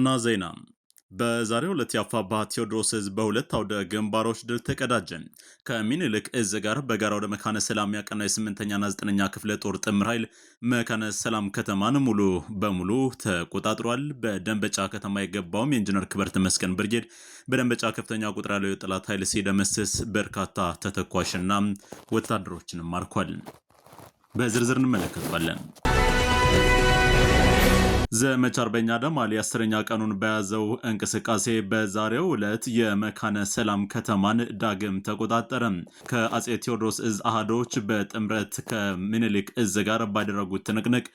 ዋና ዜና በዛሬው ዕለት የአፋባ ቴዎድሮስ እዝ በሁለት አውደ ግንባሮች ድል ተቀዳጀ። ከሚኒልክ እዝ ጋር በጋራ ወደ መካነ ሰላም ያቀናው የስምንተኛና ዘጠነኛ ክፍለ ጦር ጥምር ኃይል መካነ ሰላም ከተማን ሙሉ በሙሉ ተቆጣጥሯል። በደንበጫ ከተማ የገባውም የኢንጂነር ክበር መስገን ብርጌድ በደንበጫ ከፍተኛ ቁጥር ያለው የጠላት ኃይል ሲደመስስ በርካታ ተተኳሽና ወታደሮችንም ማርኳል። በዝርዝር እንመለከተዋለን። ዘመቻ አርበኛ አደም አሊ አስረኛ ቀኑን በያዘው እንቅስቃሴ በዛሬው ዕለት የመካነ ሰላም ከተማን ዳግም ተቆጣጠረ። ከአጼ ቴዎድሮስ እዝ አህዶች በጥምረት ከምኒልክ እዝ ጋር ባደረጉት ትንቅንቅ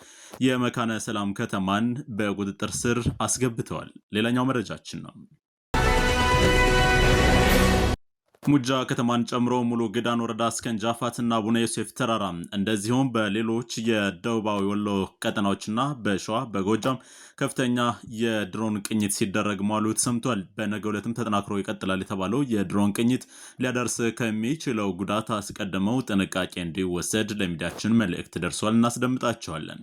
የመካነ ሰላም ከተማን በቁጥጥር ስር አስገብተዋል። ሌላኛው መረጃችን ነው። ሙጃ ከተማን ጨምሮ ሙሉ ግዳን ወረዳ እስከ እንጃፋትና ቡነ ዮሴፍ ተራራ እንደዚሁም በሌሎች የደቡባዊ ወሎ ቀጠናዎችና በሸዋ በጎጃም ከፍተኛ የድሮን ቅኝት ሲደረግ መዋሉ ተሰምቷል። በነገ ዕለትም ተጠናክሮ ይቀጥላል የተባለው የድሮን ቅኝት ሊያደርስ ከሚችለው ጉዳት አስቀድመው ጥንቃቄ እንዲወሰድ ለሚዲያችን መልእክት ደርሷል። እናስደምጣቸዋለን።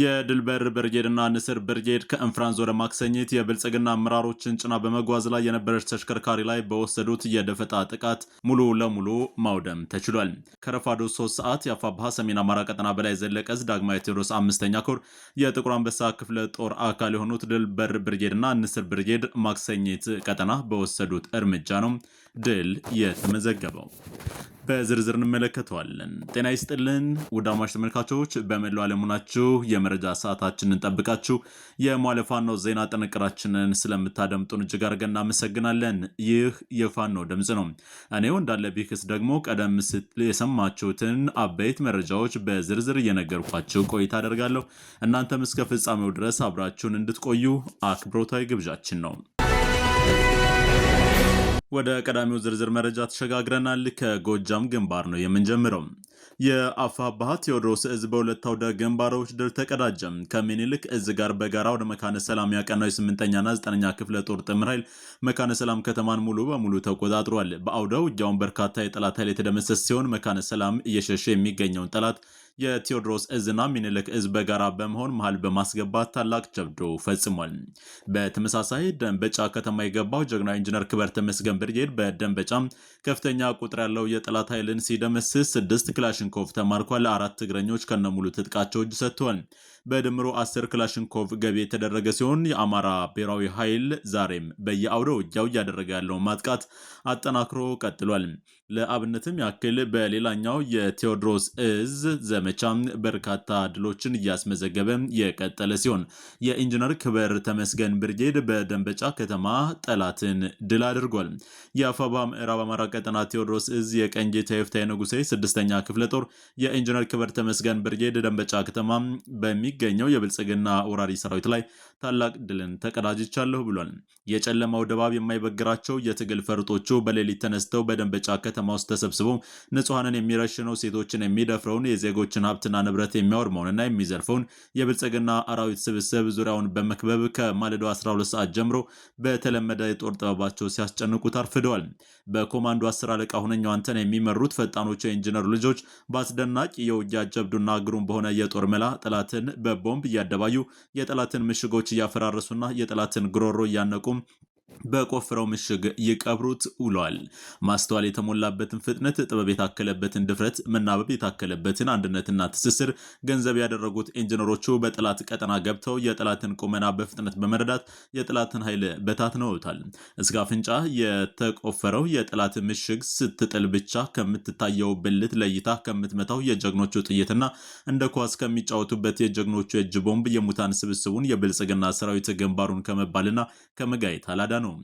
የድልበር ብርጌድና ንስር ብርጌድ ከእንፍራንዝ ወደ ማክሰኝት የብልጽግና አመራሮችን ጭና በመጓዝ ላይ የነበረች ተሽከርካሪ ላይ በወሰዱት የደፈጣ ጥቃት ሙሉ ለሙሉ ማውደም ተችሏል። ከረፋዶ ሶስት ሰዓት የአፋብሃ ሰሜን አማራ ቀጠና በላይ ዘለቀዝ ዳግማዊ ቴዎድሮስ አምስተኛ ኮር የጥቁር አንበሳ ክፍለ ጦር አካል የሆኑት ድልበር ብርጌድና ንስር ብርጌድ ማክሰኝት ቀጠና በወሰዱት እርምጃ ነው ድል የተመዘገበው በዝርዝር እንመለከተዋለን። ጤና ይስጥልን ውድ አድማጭ ተመልካቾች በመላው ዓለም ሆናችሁ የመረጃ ሰዓታችንን ጠብቃችሁ የሟለ ፋኖ ዜና ጥንቅራችንን ስለምታደምጡን እጅግ አድርገን እናመሰግናለን። ይህ የፋኖ ድምፅ ነው። እኔው እንዳለ ቢክስ ደግሞ ቀደም ሲል የሰማችሁትን አበይት መረጃዎች በዝርዝር እየነገርኳችሁ ቆይታ አደርጋለሁ። እናንተም እስከ ፍጻሜው ድረስ አብራችሁን እንድትቆዩ አክብሮታዊ ግብዣችን ነው። ወደ ቀዳሚው ዝርዝር መረጃ ተሸጋግረናል። ከጎጃም ግንባር ነው የምንጀምረው። የአፋባ ቴዎድሮስ እዝ በሁለት አውደ ግንባሮች ድል ተቀዳጀም። ከሚኒልክ እዝ ጋር በጋራ ወደ መካነ ሰላም ያቀናው የስምንተኛና ዘጠነኛ ክፍለ ጦር ጥምር ኃይል መካነ ሰላም ከተማን ሙሉ በሙሉ ተቆጣጥሯል። በአውደ ውጊያውን በርካታ የጠላት ኃይል የተደመሰስ ሲሆን መካነ ሰላም እየሸሸ የሚገኘውን ጠላት የቴዎድሮስ እዝና ሚኒልክ እዝ በጋራ በመሆን መሃል በማስገባት ታላቅ ጀብዶ ፈጽሟል። በተመሳሳይ ደንበጫ ከተማ የገባው ጀግናው ኢንጂነር ክበር ተመስገን ብርጌድ በደንበጫም ከፍተኛ ቁጥር ያለው የጠላት ኃይልን ሲደመስስ ስድስት ክላ ከላሽንኮቭ ተማርኳል። አራት እግረኞች ከነሙሉ ትጥቃቸው እጅ ሰጥተዋል። በድምሮ አስር ክላሽንኮቭ ገቢ የተደረገ ሲሆን የአማራ ብሔራዊ ኃይል ዛሬም በየአውደ ውጊያው እያደረገ ያለውን ማጥቃት አጠናክሮ ቀጥሏል። ለአብነትም ያክል በሌላኛው የቴዎድሮስ እዝ ዘመቻ በርካታ ድሎችን እያስመዘገበ የቀጠለ ሲሆን የኢንጂነር ክበር ተመስገን ብርጌድ በደንበጫ ከተማ ጠላትን ድል አድርጓል። የአፋባ ምዕራብ አማራ ቀጠና ቴዎድሮስ እዝ የቀኝ ጌታ ንጉሴ ስድስተኛ ክፍለ ጦር የኢንጂነር ክበር ተመስገን ብርጌድ ደንበጫ ከተማ በሚ በሚገኘው የብልጽግና ወራሪ ሰራዊት ላይ ታላቅ ድልን ተቀዳጅቻለሁ ብሏል። የጨለማው ድባብ የማይበግራቸው የትግል ፈርጦቹ በሌሊት ተነስተው በደንበጫ ከተማ ውስጥ ተሰብስበው ንጹሐንን የሚረሽነው፣ ሴቶችን የሚደፍረውን፣ የዜጎችን ሀብትና ንብረት የሚያወድመውንና የሚዘርፈውን የብልጽግና አራዊት ስብስብ ዙሪያውን በመክበብ ከማለዶ 12 ሰዓት ጀምሮ በተለመደ የጦር ጥበባቸው ሲያስጨንቁ ታርፍደዋል። በኮማንዶ አስር አለቃ ሁነኛው አንተን የሚመሩት ፈጣኖቹ የኢንጂነሩ ልጆች በአስደናቂ የውጊያ ጀብዱና ግሩም በሆነ የጦር መላ ጠላትን በቦምብ እያደባዩ የጠላትን ምሽጎች እያፈራረሱና የጠላትን ጉሮሮ እያነቁም በቆፍረው ምሽግ ይቀብሩት ውሏል። ማስተዋል የተሞላበትን ፍጥነት፣ ጥበብ የታከለበትን ድፍረት፣ መናበብ የታከለበትን አንድነትና ትስስር ገንዘብ ያደረጉት ኢንጂነሮቹ በጠላት ቀጠና ገብተው የጠላትን ቁመና በፍጥነት በመረዳት የጠላትን ኃይል ነውታል። እስከ አፍንጫ የተቆፈረው የጠላት ምሽግ ስትጥል ብቻ ከምትታየው ብልት ለይታ ከምትመታው የጀግኖቹ ጥይትና እንደ ኳስ ከሚጫወቱበት የጀግኖቹ የእጅ ቦምብ የሙታን ስብስቡን የብልጽግና ሰራዊት ግንባሩን ከመባልና ከመጋየት አላዳ ነው።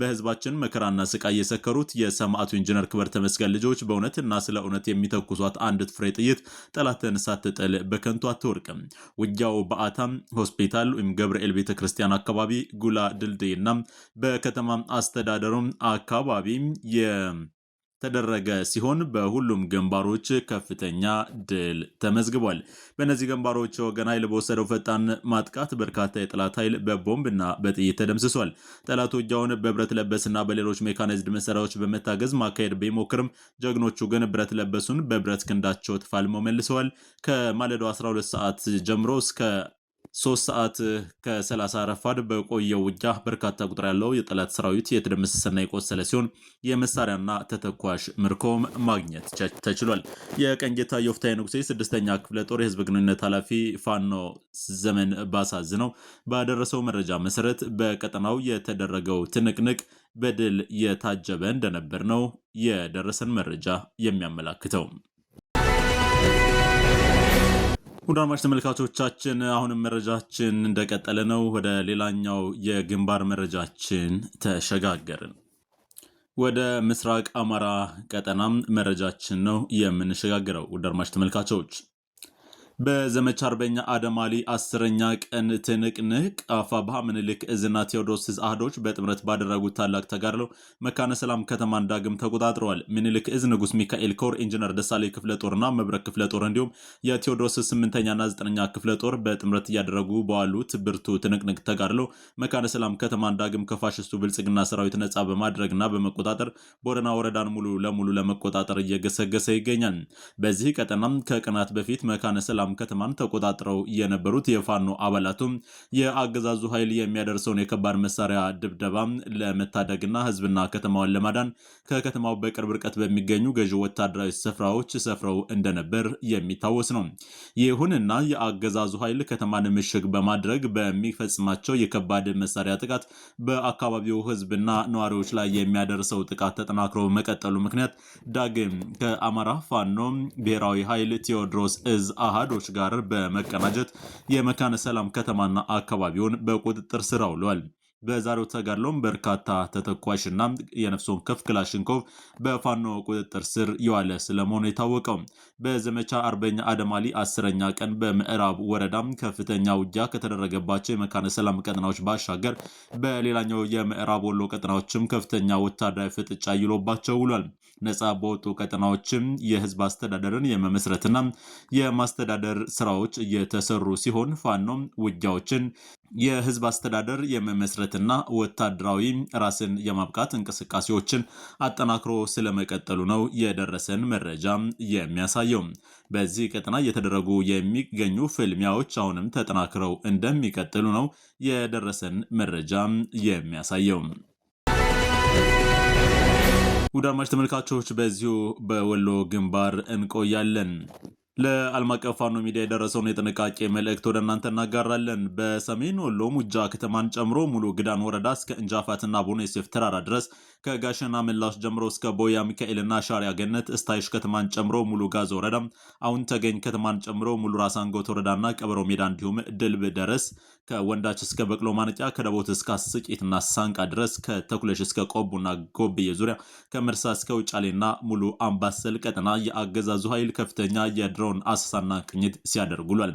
በህዝባችን መከራና ስቃይ የሰከሩት የሰማዕቱ ኢንጂነር ክበር ተመስገን ልጆች በእውነትና ስለ እውነት የሚተኩሷት አንድ ፍሬ ጥይት ጠላትን ሳትጥል በከንቱ አትወርቅም። ውጊያው በአታም ሆስፒታል ወይም ገብርኤል ቤተክርስቲያን አካባቢ፣ ጉላ ድልድይና በከተማ አስተዳደሩም አካባቢ ተደረገ ሲሆን በሁሉም ግንባሮች ከፍተኛ ድል ተመዝግቧል። በእነዚህ ግንባሮች ወገን ኃይል በወሰደው ፈጣን ማጥቃት በርካታ የጠላት ኃይል በቦምብና በጥይት ተደምስሷል። ጠላት ውጊያውን በብረት ለበስና በሌሎች ሜካናይዝድ መሳሪያዎች በመታገዝ ማካሄድ ቢሞክርም ጀግኖቹ ግን ብረት ለበሱን በብረት ክንዳቸው ተፋልመው መልሰዋል። ከማለዶ 12 ሰዓት ጀምሮ እስከ ሶስት ሰዓት ከ30 ረፋድ በቆየው ውጊያ በርካታ ቁጥር ያለው የጠላት ሰራዊት የተደመሰሰና የቆሰለ ሲሆን የመሳሪያና ተተኳሽ ምርኮም ማግኘት ተችሏል። የቀንጌታ የወፍታዊ ንጉሴ ስድስተኛ ክፍለ ጦር የህዝብ ግንኙነት ኃላፊ ፋኖ ዘመን ባሳዝ ነው። ባደረሰው መረጃ መሰረት በቀጠናው የተደረገው ትንቅንቅ በድል የታጀበ እንደነበር ነው የደረሰን መረጃ የሚያመላክተው። ውድ አድማጭ ተመልካቾቻችን አሁንም መረጃችን እንደቀጠለ ነው። ወደ ሌላኛው የግንባር መረጃችን ተሸጋገርን። ወደ ምስራቅ አማራ ቀጠናም መረጃችን ነው የምንሸጋገረው። ውድ አድማጭ ተመልካቾች በዘመቻ አርበኛ አደማሊ አስረኛ ቀን ትንቅንቅ አፋብሃ ምኒልክ እዝና ቴዎድሮስ እዝ አህዶች በጥምረት ባደረጉት ታላቅ ተጋድለው መካነ ሰላም ከተማን ዳግም ተቆጣጥረዋል። ምኒልክ እዝ ንጉስ ሚካኤል ኮር፣ ኢንጂነር ደሳሌ ክፍለ ጦርና መብረቅ ክፍለ ጦር እንዲሁም የቴዎድሮስ ስምንተኛና ዘጠነኛ ክፍለ ጦር በጥምረት እያደረጉ በዋሉት ብርቱ ትንቅንቅ ተጋድለው መካነ ሰላም ከተማን ዳግም ከፋሽስቱ ብልጽግና ሰራዊት ነጻ በማድረግና በመቆጣጠር ቦረና ወረዳን ሙሉ ለሙሉ ለመቆጣጠር እየገሰገሰ ይገኛል። በዚህ ቀጠናም ከቀናት በፊት መካነ ሰላም ሰላም ከተማን ተቆጣጥረው የነበሩት የፋኖ አባላቱም የአገዛዙ ኃይል የሚያደርሰውን የከባድ መሳሪያ ድብደባ ለመታደግና ህዝብና ከተማዋን ለማዳን ከከተማው በቅርብ ርቀት በሚገኙ ገዢ ወታደራዊ ስፍራዎች ሰፍረው እንደነበር የሚታወስ ነው። ይሁንና የአገዛዙ ኃይል ከተማን ምሽግ በማድረግ በሚፈጽማቸው የከባድ መሳሪያ ጥቃት በአካባቢው ህዝብና ነዋሪዎች ላይ የሚያደርሰው ጥቃት ተጠናክሮ መቀጠሉ ምክንያት ዳግም ከአማራ ፋኖ ብሔራዊ ኃይል ቴዎድሮስ እዝ አሃድ ኃይሎች ጋር በመቀናጀት የመካነ ሰላም ከተማና አካባቢውን በቁጥጥር ስር አውሏል። በዛሬው ተጋድሎም በርካታ ተተኳሽና የነፍሶን ከፍ ክላሽንኮቭ በፋኖ ቁጥጥር ስር የዋለ ስለመሆኑ የታወቀው በዘመቻ አርበኛ አደማሊ አስረኛ ቀን በምዕራብ ወረዳም ከፍተኛ ውጊያ ከተደረገባቸው የመካነ ሰላም ቀጠናዎች ባሻገር በሌላኛው የምዕራብ ወሎ ቀጠናዎችም ከፍተኛ ወታደራዊ ፍጥጫ ይሎባቸው ውሏል። ነጻ በወጡ ቀጠናዎችም የህዝብ አስተዳደርን የመመስረትና የማስተዳደር ስራዎች እየተሰሩ ሲሆን ፋኖም ውጊያዎችን የህዝብ አስተዳደር የመመስረትና ወታደራዊ ራስን የማብቃት እንቅስቃሴዎችን አጠናክሮ ስለመቀጠሉ ነው የደረሰን መረጃ የሚያሳየው። በዚህ ቀጠና እየተደረጉ የሚገኙ ፍልሚያዎች አሁንም ተጠናክረው እንደሚቀጥሉ ነው የደረሰን መረጃ የሚያሳየው። ውድ አድማጭ ተመልካቾች በዚሁ በወሎ ግንባር እንቆያለን። ለዓለም አቀፍ ፋኖ ሚዲያ የደረሰውን የጥንቃቄ መልእክት ወደ እናንተ እናጋራለን። በሰሜን ወሎ ሙጃ ከተማን ጨምሮ ሙሉ ግዳን ወረዳ እስከ እንጃፋትና ቡኔሴፍ ተራራ ድረስ ከጋሸና ምላሽ ጀምሮ እስከ ቦያ ሚካኤልና ሻሪያ ገነት እስታይሽ ከተማን ጨምሮ ሙሉ ጋዝ ወረዳ፣ አሁን ተገኝ ከተማን ጨምሮ ሙሉ ራሳንጎት አንጎት ወረዳና ቀበሮ ሜዳ እንዲሁም ድልብ ደረስ ከወንዳች እስከ በቅሎ ማነጫ ከደቦት እስከ አስቂትና ሳንቃ ድረስ ከተኩለሽ እስከ ቆቡና ጎብዬ ዙሪያ ከምርሳ እስከ ውጫሌና ሙሉ አምባሰል ቀጠና የአገዛዙ ኃይል ከፍተኛ የድሮን አሰሳና ቅኝት ሲያደርጉሏል።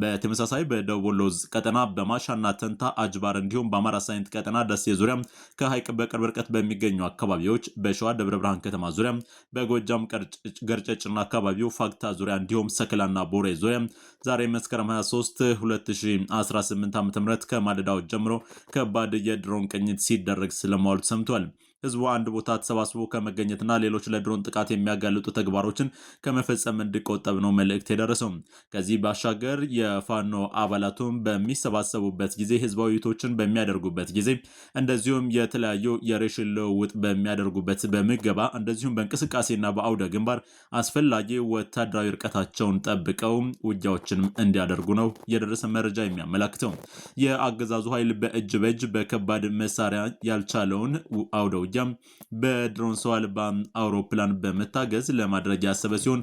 በተመሳሳይ በደቡብ ወሎ ቀጠና በማሻና ተንታ አጅባር እንዲሁም በአማራ ሳይንት ቀጠና ደሴ ዙሪያ ከሀይቅ በቅርብ ርቀት በሚገኙ አካባቢዎች በሸዋ ደብረ ብርሃን ከተማ ዙሪያ በጎጃም ገርጨጭና አካባቢው ፋግታ ዙሪያ እንዲሁም ሰክላና ቦሬ ዙሪያ ዛሬ መስከረም 23 2018 ዓ ም ከማለዳዎች ጀምሮ ከባድ የድሮን ቅኝት ሲደረግ ስለማዋሉ ሰምቷል። ህዝቡ አንድ ቦታ ተሰባስቦ ከመገኘትና ሌሎች ለድሮን ጥቃት የሚያጋልጡ ተግባሮችን ከመፈጸም እንዲቆጠብ ነው መልእክት የደረሰው። ከዚህ ባሻገር የፋኖ አባላቱም በሚሰባሰቡበት ጊዜ ህዝባዊ ውይይቶችን በሚያደርጉበት ጊዜ እንደዚሁም የተለያዩ የሬሽን ልውውጥ በሚያደርጉበት በምገባ እንደዚሁም በእንቅስቃሴና በአውደ ግንባር አስፈላጊ ወታደራዊ እርቀታቸውን ጠብቀው ውጊያዎችንም እንዲያደርጉ ነው የደረሰ መረጃ የሚያመላክተው። የአገዛዙ ኃይል በእጅ በእጅ በከባድ መሳሪያ ያልቻለውን አውደ ውጊያም በድሮን ሰው አልባ አውሮፕላን በመታገዝ ለማድረግ ያሰበ ሲሆን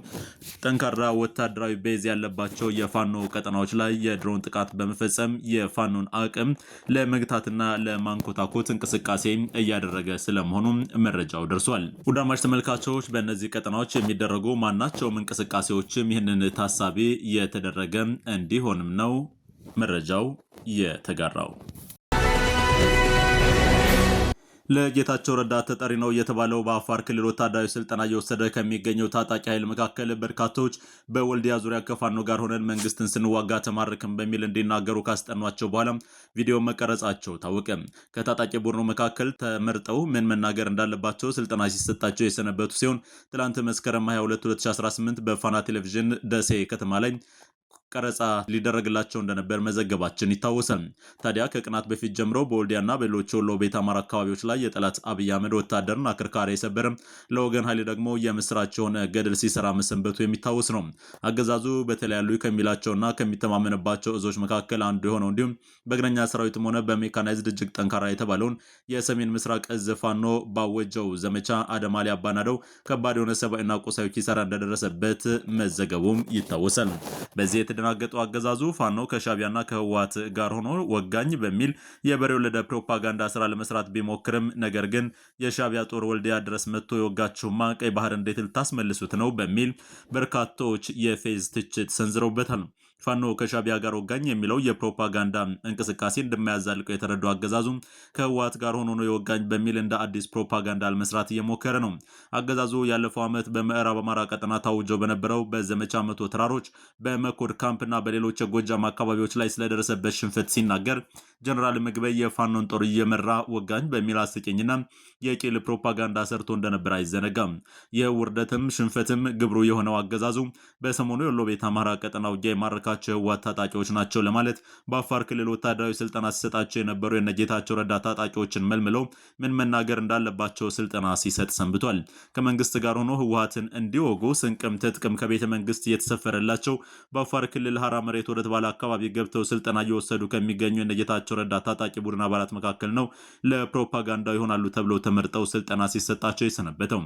ጠንካራ ወታደራዊ ቤዝ ያለባቸው የፋኖ ቀጠናዎች ላይ የድሮን ጥቃት በመፈጸም የፋኖን አቅም ለመግታትና ለማንኮታኮት እንቅስቃሴ እያደረገ ስለመሆኑም መረጃው ደርሷል። ውዳማች ተመልካቾች በእነዚህ ቀጠናዎች የሚደረጉ ማናቸውም እንቅስቃሴዎችም ይህንን ታሳቢ የተደረገ እንዲሆንም ነው መረጃው የተጋራው። ለጌታቸው ረዳ ተጠሪ ነው የተባለው በአፋር ክልል ወታደራዊ ስልጠና እየወሰደ ከሚገኘው ታጣቂ ኃይል መካከል በርካቶች በወልዲያ ዙሪያ ከፋኖ ጋር ሆነን መንግስትን ስንዋጋ ተማርክም በሚል እንዲናገሩ ካስጠኗቸው በኋላ ቪዲዮ መቀረጻቸው ታወቀ። ከታጣቂ ቡድኑ መካከል ተመርጠው ምን መናገር እንዳለባቸው ስልጠና ሲሰጣቸው የሰነበቱ ሲሆን ትላንት መስከረም 22 2018 በፋና ቴሌቪዥን ደሴ ከተማ ላይ ቀረጻ ሊደረግላቸው እንደነበር መዘገባችን ይታወሳል። ታዲያ ከቅናት በፊት ጀምሮ በወልዲያና በሌሎች ወሎ ቤት አማራ አካባቢዎች ላይ የጠላት አብይ አህመድ ወታደርን አክርካሪ የሰበረ ለወገን ኃይል ደግሞ የምስራች የሆነ ገድል ሲሰራ መሰንበቱ የሚታወስ ነው። አገዛዙ በተለያዩ ከሚላቸውና ከሚተማመንባቸው እዞች መካከል አንዱ የሆነው እንዲሁም በእግረኛ ሰራዊትም ሆነ በሜካናይዝድ እጅግ ጠንካራ የተባለውን የሰሜን ምስራቅ እዝ ፋኖ ባወጀው ዘመቻ አደማሊ አባናደው ከባድ የሆነ ሰብአዊና ቁሳዊ ኪሳራ እንደደረሰበት መዘገቡም ይታወሳል። በዚህ የተደናገጠው አገዛዙ ፋኖ ከሻቢያና ከህወሓት ጋር ሆኖ ወጋኝ በሚል የበሬ ወለደ ፕሮፓጋንዳ ስራ ለመስራት ቢሞክርም ነገር ግን የሻቢያ ጦር ወልዲያ ድረስ መጥቶ የወጋችሁማ ቀይ ባህር እንዴት ልታስመልሱት ነው በሚል በርካቶች የፌዝ ትችት ሰንዝረውበታል ፋኖ ከሻቢያ ጋር ወጋኝ የሚለው የፕሮፓጋንዳ እንቅስቃሴ እንደማያዛልቀው የተረዳው አገዛዙ ከህወሓት ጋር ሆኖ ነው የወጋኝ በሚል እንደ አዲስ ፕሮፓጋንዳ ለመስራት እየሞከረ ነው። አገዛዙ ያለፈው ዓመት በምዕራብ አማራ ቀጠና ታውጆ በነበረው በዘመቻ መቶ ተራሮች በመኮድ ካምፕና በሌሎች የጎጃም አካባቢዎች ላይ ስለደረሰበት ሽንፈት ሲናገር ጀነራል ምግበይ የፋኖን ጦር እየመራ ወጋኝ በሚል አስቂኝና የቂል ፕሮፓጋንዳ ሰርቶ እንደነበር አይዘነጋም። ይህ ውርደትም ሽንፈትም ግብሩ የሆነው አገዛዙ በሰሞኑ የወሎ ቤት አማራ ቀጠና ውጊያ የማረካ ያሳካቸው ህወሓት ታጣቂዎች ናቸው ለማለት በአፋር ክልል ወታደራዊ ስልጠና ሲሰጣቸው የነበሩ የነጌታቸው ረዳ ታጣቂዎችን መልምለው ምን መናገር እንዳለባቸው ስልጠና ሲሰጥ ሰንብቷል። ከመንግስት ጋር ሆኖ ህወሓትን እንዲወጉ ስንቅም ትጥቅም ከቤተ መንግስት እየተሰፈረላቸው በአፋር ክልል ሀራ መሬት ወደ ተባለ አካባቢ ገብተው ስልጠና እየወሰዱ ከሚገኙ የነጌታቸው ረዳ ታጣቂ ቡድን አባላት መካከል ነው ለፕሮፓጋንዳ ይሆናሉ ተብለው ተመርጠው ስልጠና ሲሰጣቸው የሰነበተው።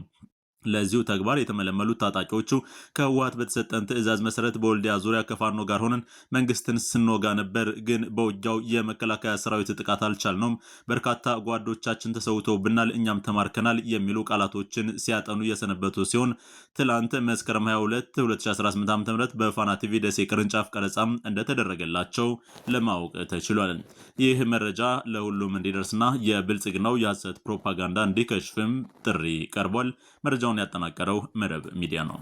ለዚሁ ተግባር የተመለመሉት ታጣቂዎቹ ከህወሀት በተሰጠን ትዕዛዝ መሰረት በወልዲያ ዙሪያ ከፋኖ ጋር ሆነን መንግስትን ስንወጋ ነበር፣ ግን በውጊያው የመከላከያ ሰራዊት ጥቃት አልቻልነውም፣ በርካታ ጓዶቻችን ተሰውተውብናል፣ እኛም ተማርከናል የሚሉ ቃላቶችን ሲያጠኑ የሰነበቱ ሲሆን ትላንት መስከረም 22 2018 ዓ.ም በፋና ቲቪ ደሴ ቅርንጫፍ ቀረጻም እንደተደረገላቸው ለማወቅ ተችሏል። ይህ መረጃ ለሁሉም እንዲደርስና የብልጽግናው የሐሰት ፕሮፓጋንዳ እንዲከሽፍም ጥሪ ቀርቧል። መረጃውን ያጠናቀረው መረብ ሚዲያ ነው።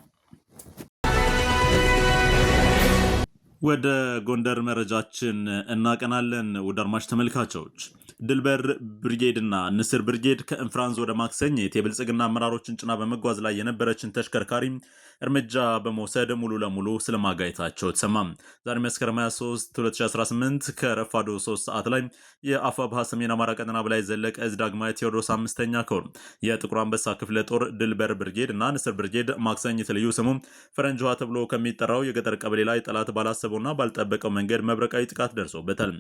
ወደ ጎንደር መረጃችን እናቀናለን። ውድ አድማጭ ተመልካቾች ድልበር ብርጌድና ንስር ብርጌድ ከእንፍራንዝ ወደ ማክሰኝት የብልጽግና አመራሮችን ጭና በመጓዝ ላይ የነበረችን ተሽከርካሪ እርምጃ በመውሰድ ሙሉ ለሙሉ ስለማጋየታቸው ተሰማ። ዛሬ መስከረም 23 2018 ከረፋዶ 3 ሰዓት ላይ የአፋብሃ ሰሜን አማራ ቀጠና በላይ ዘለቀ እዝ ዳግማዊ ቴዎድሮስ አምስተኛ ከውር የጥቁር አንበሳ ክፍለ ጦር ድልበር ብርጌድ እና ንስር ብርጌድ ማክሰኝት ልዩ ስሙ ፈረንጅ ውሃ ተብሎ ከሚጠራው የገጠር ቀበሌ ላይ ጠላት ባላሰበውና ባልጠበቀው መንገድ መብረቃዊ ጥቃት ደርሶበታል።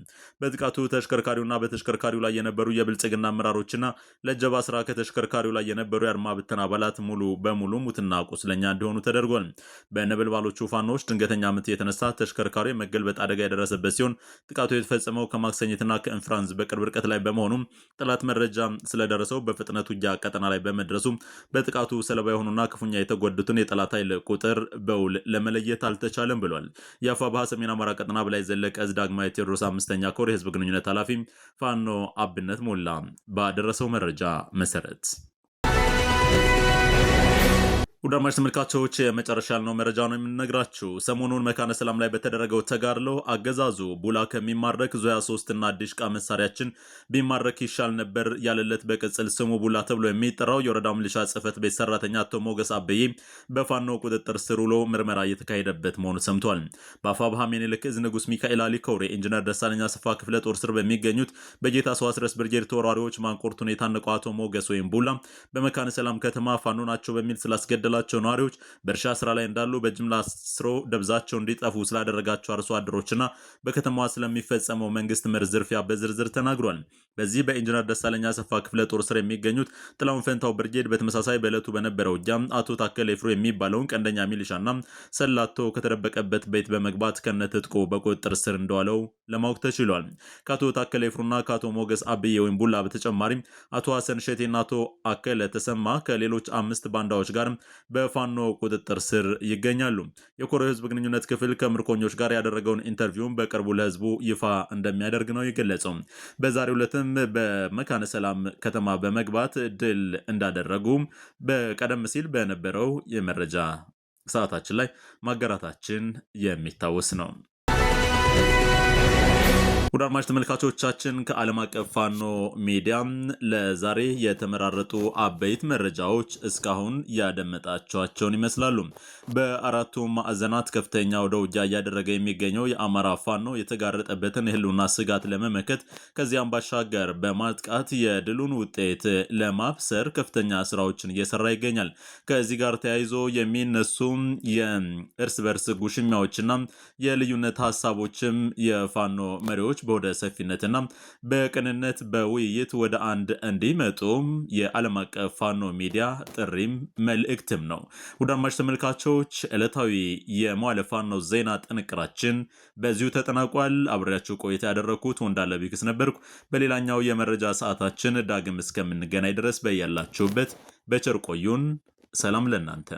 በጥቃቱ ተሽከርካሪውና በተሽከርካሪ ከተሽከርካሪው ላይ የነበሩ የብልጽግና አመራሮችና ለጀባ ስራ ከተሽከርካሪው ላይ የነበሩ የአድማ ብተና አባላት ሙሉ በሙሉ ሙትና ቁስለኛ እንዲሆኑ ተደርጓል። በነበልባሎቹ ፋኖዎች ድንገተኛ ምት የተነሳ ተሽከርካሪ የመገልበጥ አደጋ የደረሰበት ሲሆን ጥቃቱ የተፈጸመው ከማክሰኝትና ከኢንፍራንስ በቅርብ ርቀት ላይ በመሆኑም ጠላት መረጃ ስለደረሰው በፍጥነት ውጊያ ቀጠና ላይ በመድረሱ በጥቃቱ ሰለባ የሆኑና ክፉኛ የተጎዱትን የጠላት ኃይል ቁጥር በውል ለመለየት አልተቻለም ብሏል። የአፋ ባህ ሰሜን አማራ ቀጠና በላይ ዘለቀ እዝ ዳግማዊ ቴዎድሮስ አምስተኛ ኮር የህዝብ ግንኙነት ኃላፊ ፋኖ አብነት ሞላ ባደረሰው መረጃ መሰረት ውድ አድማጭ ተመልካቾች የመጨረሻ ያልነው መረጃ ነው የምንነግራችሁ። ሰሞኑን መካነ ሰላም ላይ በተደረገው ተጋድሎ አገዛዙ ቡላ ከሚማረክ ዙያ ሶስትና ዲሽቃ መሳሪያችን ቢማረክ ይሻል ነበር ያለለት በቅጽል ስሙ ቡላ ተብሎ የሚጠራው የወረዳ ምልሻ ጽፈት ቤት ሰራተኛ አቶ ሞገስ አበዬ በፋኖ ቁጥጥር ስር ውሎ ምርመራ እየተካሄደበት መሆኑ ሰምቷል። በአፋብሃ ምኒልክ እዝ ንጉስ ሚካኤል አሊ ኮሬ ኢንጂነር ደሳለኛ አሰፋ ክፍለ ጦር ስር በሚገኙት በጌታ ሰዋስረስ ብርጌድ ተወራሪዎች ማንቆርቱን የታነቀው አቶ ሞገስ ወይም ቡላ በመካነ ሰላም ከተማ ፋኖ ናቸው በሚል ስላስገደ የገደላቸው ነዋሪዎች በእርሻ ስራ ላይ እንዳሉ በጅምላ አስሮ ደብዛቸው እንዲጠፉ ስላደረጋቸው አርሶ አደሮችና በከተማዋ ስለሚፈጸመው መንግስት መር ዝርፊያ በዝርዝር ተናግሯል። በዚህ በኢንጂነር ደሳለኛ ሰፋ ክፍለ ጦር ስር የሚገኙት ጥላውን ፈንታው ብርጌድ በተመሳሳይ በዕለቱ በነበረው ውጊያ አቶ ታከሌ ፍሮ የሚባለውን ቀንደኛ ሚሊሻና ሰላቶ ከተደበቀበት ቤት በመግባት ከነትጥቆ ትጥቁ በቁጥጥር ስር እንደዋለው ለማወቅ ተችሏል። ከአቶ ታከለ ይፍሩና ከአቶ ሞገስ አብዬ ወይም ቡላ በተጨማሪም አቶ ሀሰን ሸቴና አቶ አከለ ተሰማ ከሌሎች አምስት ባንዳዎች ጋር በፋኖ ቁጥጥር ስር ይገኛሉ። የኮሮ ህዝብ ግንኙነት ክፍል ከምርኮኞች ጋር ያደረገውን ኢንተርቪውም በቅርቡ ለህዝቡ ይፋ እንደሚያደርግ ነው የገለጸው። በዛሬው ዕለትም በመካነ ሰላም ከተማ በመግባት ድል እንዳደረጉ በቀደም ሲል በነበረው የመረጃ ሰዓታችን ላይ ማገራታችን የሚታወስ ነው። ውድ አድማጭ ተመልካቾቻችን ከዓለም አቀፍ ፋኖ ሚዲያ ለዛሬ የተመራረጡ አበይት መረጃዎች እስካሁን ያደመጣቸዋቸውን ይመስላሉ። በአራቱ ማዕዘናት ከፍተኛ ወደ ውጊያ እያደረገ የሚገኘው የአማራ ፋኖ የተጋረጠበትን የህልውና ስጋት ለመመከት ከዚያም ባሻገር በማጥቃት የድሉን ውጤት ለማብሰር ከፍተኛ ስራዎችን እየሰራ ይገኛል። ከዚህ ጋር ተያይዞ የሚነሱ የእርስ በርስ ጉሽሚያዎችና የልዩነት ሀሳቦችም የፋኖ መሪዎች በወደ ሰፊነትና በቅንነት በውይይት ወደ አንድ እንዲመጡ የዓለም አቀፍ ፋኖ ሚዲያ ጥሪም መልእክትም ነው። ውዳማሽ ተመልካቾች ዕለታዊ የሟለ ፋኖ ዜና ጥንቅራችን በዚሁ ተጠናቋል። አብሬያችሁ ቆይታ ያደረግኩት ወንዳለ ቢክስ ነበርኩ። በሌላኛው የመረጃ ሰዓታችን ዳግም እስከምንገናኝ ድረስ በያላችሁበት በቸር ቆዩን። ሰላም ለእናንተ።